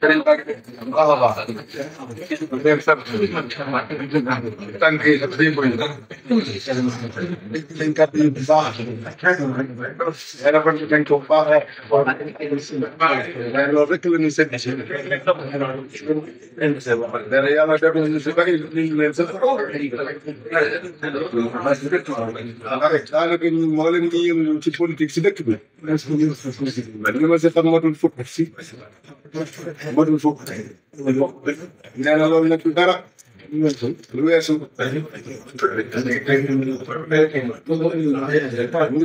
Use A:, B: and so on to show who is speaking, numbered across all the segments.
A: sëriñ Ba Gueye bu baax a baax di leen sant tànk yi ak démb yi dañ kàddu yi bu baax yàlla kon dañ ko baaxee waaye loolu rek la ñuy sëñ dana yàlla def nañu si bëri ñu ngi leen sant rek daanaka ñun moo leen di yëngu ci politique si dëkk bi li ma si xam matul fukk si mbëndul foofu. nee na loolu nekkul dara. lu weesu.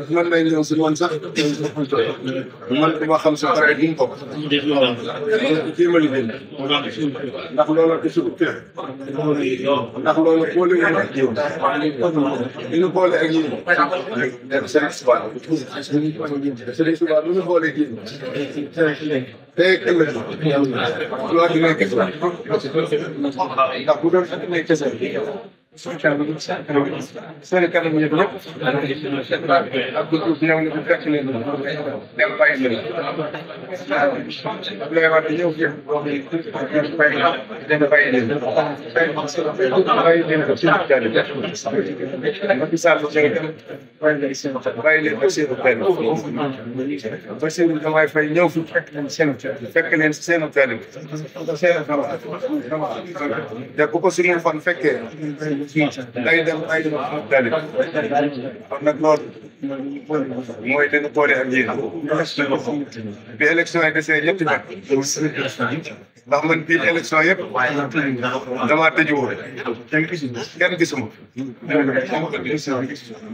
A: man may ñëw si man sax. man ku ma xam si pare bi mu ko. jéem a liggéey. ndax loola du suuf kër. ndax loola boole wu ma. li ñu boole ak yéen. def seen histoire. seen histoire lu ñu boole ak yéen. tey kenn la ñu. waaw dinañ kese la. sëñ Thierno bi sëñ Thierno bi sëñ Thierno bi ñëpp ñëpp ak guddi bi ñëw na bu fekk leen dem bàyyi leen lay wax ñëw jëm bàyyi leen bàyyi leen bàyyi leen ak seen Thierno Macky Sall bàyyi leen ak seen Thierno ba seen damay fay ñëw fi fekk leen seen fekk leen seen Thierno seen Thierno da ko ko suñu fan fekkee day dem ay tali kon nag loolu mooy li ñu boole ak yéen bi élection yi desee ñetti fan ndax man bii élection yëpp damaa tëjuwoo kenn gisuma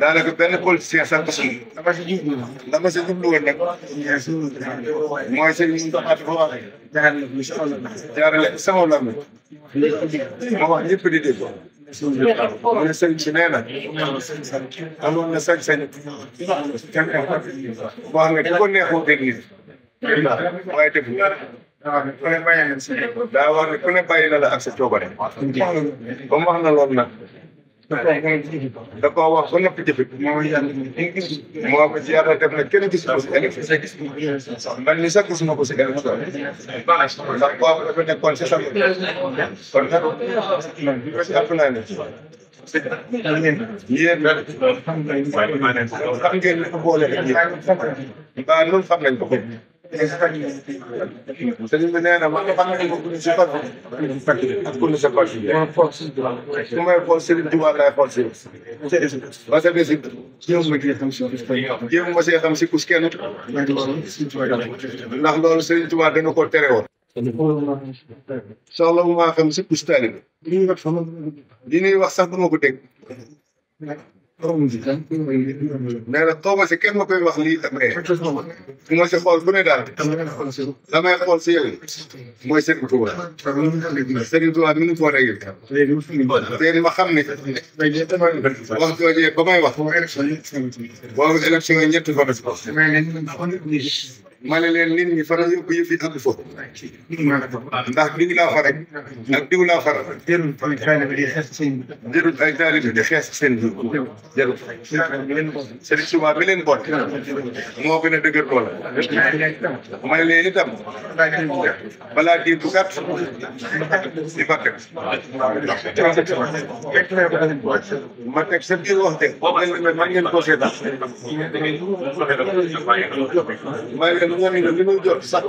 A: daanaka benn politicien sax gisuma la ma si jublu woon nag mooy sëñ Moustapha Ba jaarale sama lam ma wax ñëpp di dégg Wani sarki naira, an wani sarki sani, can ɗan ba hanga duk wani ya kuma gani. Ba ya tafi. Da wani kuna bayyana da aksa coba ne. Ba ma hana da koo wax ba nga fi jëfee. moo ko ci yàlla def na kenn gis ko si élection. man ni sax gis na ko si élection. ndax boobu dafa nekkoon si sama. kon nag ko si àdduna ne. yéen xam ngeen li ko boole rek. mbaa noonu ko. sëñ bi nee na man man ma dugg si fan. ak kuréel sa kooku yi. ma xool si diwaan. su ma xool Serigne Touba laay xool si. parce que si jéem ma see xam si kus kenn. ndax loolu Serigne Touba dana ko tere woon. soxla bu maa xam si kus taalibe. li ñuy wax sax dama ko dégg. nee na xaw ma si kenn ma koy wax lii ak ay. bu ma si xool bu ne daal. la may xool si yow mooy Serigne Touba. Serigne Touba mi ngi boole ak yéen. ma xam ne. wax jooju ba may wax. boobu élection yi ñetti fan. ma ne leen nit ñi faral yëpp yëpp yi ànd foofu ndax diw laa fa rek ak diw laa faral jarul ay taalibe di xees seen bi jarul Sëriñ Tuubaa bi leen boot moo gën a dëgër loola ma ne leen itam balaa diir bu gàtt di ma teg ma teg sa biir wax de man ngeen ko seetaan ma lu nga xam ne li muy jot sax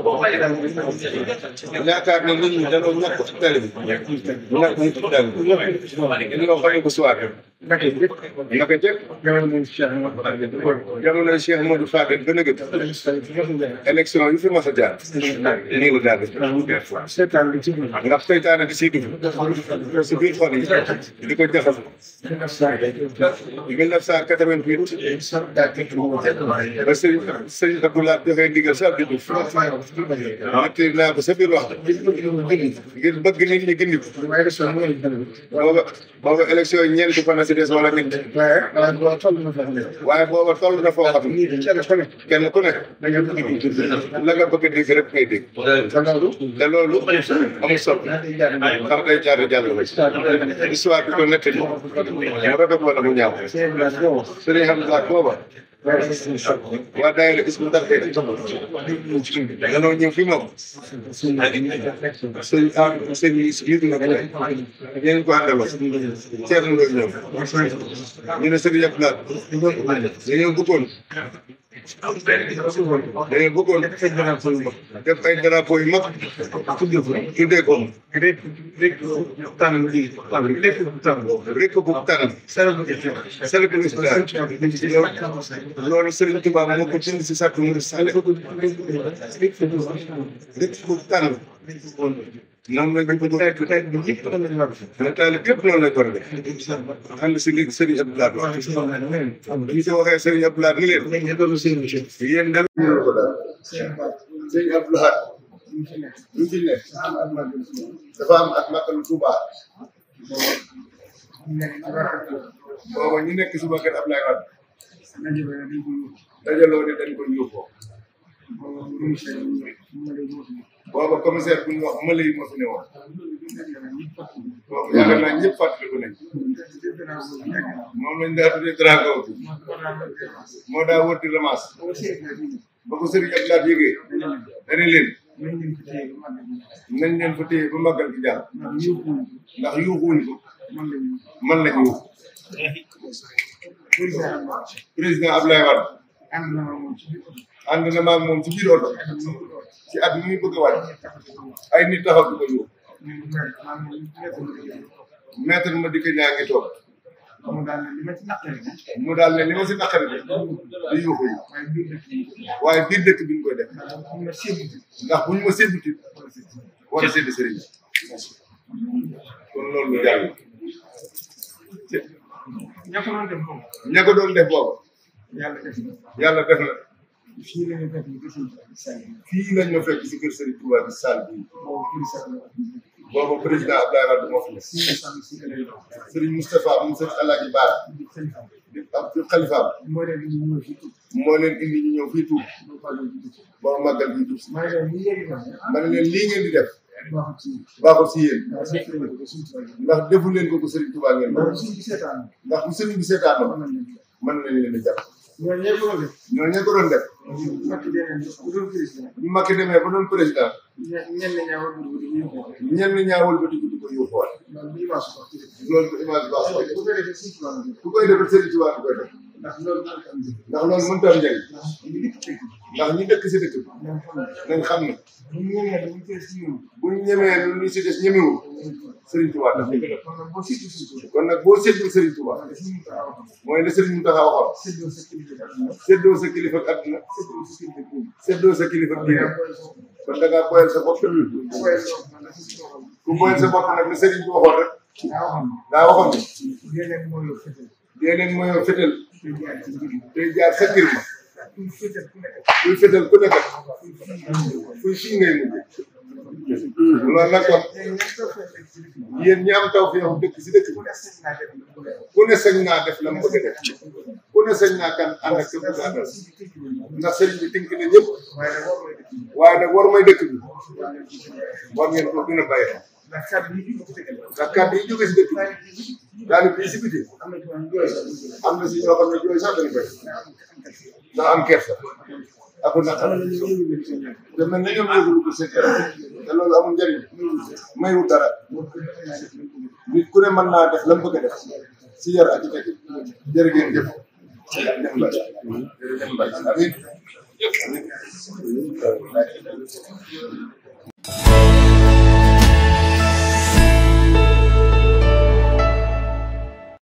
A: yaakaar ne nit ñi dañoo ñàkk ci tali bi ñàkk ñu ci tali bi ko soirée naka jëkk jamono Cheikh Modou Fadel ba nëgët élection yu fi mas a jaar nii la daal ndax seytaane di siy dugg si biir xol yi di ko jaxas mille neuf cent quatre-vingt-huit ba sëñ sëñ Abdoulaye joxe ndigal sa Abdou Diouf metti naa ko sa biir wax ngir bëgg nit ñi gindi ko booba élection ñeenti fan ci des wala nit waaye waaye toll na foo waaye booba toll na foo xam ne kenn ku nekk da nga bëgg di la nga bëgg dégg rek ngay dégg te loolu te loolu amul soppi ndax day jaar jàll ba ci histoire bi ko nettali mu rafet wala mu ñaaw sëriñ xam booba waa daayira bis bu ndax danoo ñëw fi moom. sëñ ah sëñ bi jiitu na ko tey. ñeneen ko àndaloon. seetlu loolu ñoom. ñu ne sëñ yëpp naat. dañoo gëppoon. da ngeen bëggoon def ay drapeau yu mag tuddee ko rek tànn lii rek tànn rek bu tànn salatu islam loolu Serigne Touba moo ko jënd noonu la ñu ko doon bu tawee bu ñëpp noonu la ñu war a def. taalib yëpp a def. wax. bu si waxee Serigne Abdou Lahad ni leen. yéen dara. Serigne Abdou Lahad. ne dafa am ak màggalu Touba. booba ñu nekk suba kër Abdoulaye Wade. dajaloo ne dañ ko booba commissaire bu ñu wax Mbale yi moo fi ne woon. boobu yaakaar naa ñëpp fàttaliku nañ. moom lañ daa tuddee drago moo daa wër di ramas. ba ko Serigne Abdou Lahad yëgee. dañu leen. nañ leen fa téye ba màggal gi jàll. ndax yuuxuwuñ ko. man lañ yuuxu. président Abdoulaye Wade. ànd na maag moom ci biir oto ci at mi bëgg a wàcc ay nit taxaw di ko yóbbu ma dikk ñaa ngi toog mu daal ne li ma si naqari mu daal ne li ma si naqari de yuuxu yi waaye biir dëkk bi ñu koy def ndax bu ñu ma sédduti war a sédd sëriñ kon loolu jàll ña ko doon def boobu yàlla def na fii la ñu fekk si kër Serigne Touba Sall bi. fii la ñu fekk si kër Serigne Touba bi Sall bi. boobu président Abdoulaye Wade moo fi nekk. Serigne Moustapha moom Serigne El Hadj Bara. ak xalifaam. moo leen indi ñu ñëw fii tuub. moo leen indi ñu ñëw fii tuub. boobu màggal bi tuub. Ah. ma ne leen lii ngeen di def. baaxul si yéen. ndax defu leen ko ko Serigne Touba ngeen. ndax bu Serigne bi seetaan na. mën nañ leen a jàpp. ñooñu ñoo ko doon def. ñooñu ñoo ko doon def. ñu makki demee ba doon président. ñu makki demee ba doon président. ñenn ñaawal bu dugg di ko yóbbuwaat. ñenn ñaawal bu dugg di ko yóbbuwaat. loolu bu image baax. loolu bu image baax. bu koy defee sëriñ Tuubaa bu koy defee sëriñ Tuubaa bu koy def. ndax loolu mënut am njëriñ. ndax loolu mënut am njëriñ. ndax ñu dëkk si dëkk bi. nañ xam ne. bu ñu ñemee lu ñu si des ñemewul. Serigne Touba kon nag boo séddul Serigne Touba mooy la Serigne Mountakha waxoon séddoo sa kilifa ak àdduna séddoo sa kilifa ak diine kon da ngaa boyal sa bopp ku boyal sa bopp nag la Serigne bi waxoon rek daa waxoon ne dee leen mooyoo fetel dee leen mooyoo fetel day jaar sa kër kuy fetel ku nekk kuy fetel ku nekk kuy loolu nag kon yéen ñi am taw fi yow dëkk si dëkk ku ne sañ naa def la mu bëgg a def ku ne sañ naa kan ànd ak képp ku àndal ndax sëriñ bi tënk na ñëpp waaye nag war may dëkk bi war ngeen ko gën a bàyyi ndax kàddu yi jóge si dëkk bi daanaka bii si biti am na si ñoo xam ne jooy sax dañu koy am kersa ak naqar te mel na ñoom ñoo ko dugg seen yaram te mayu dara nit ku ne mën naa def la mu bëgg a def si yar ak nekk jërë ngeen jëf jërëjëf Mbaye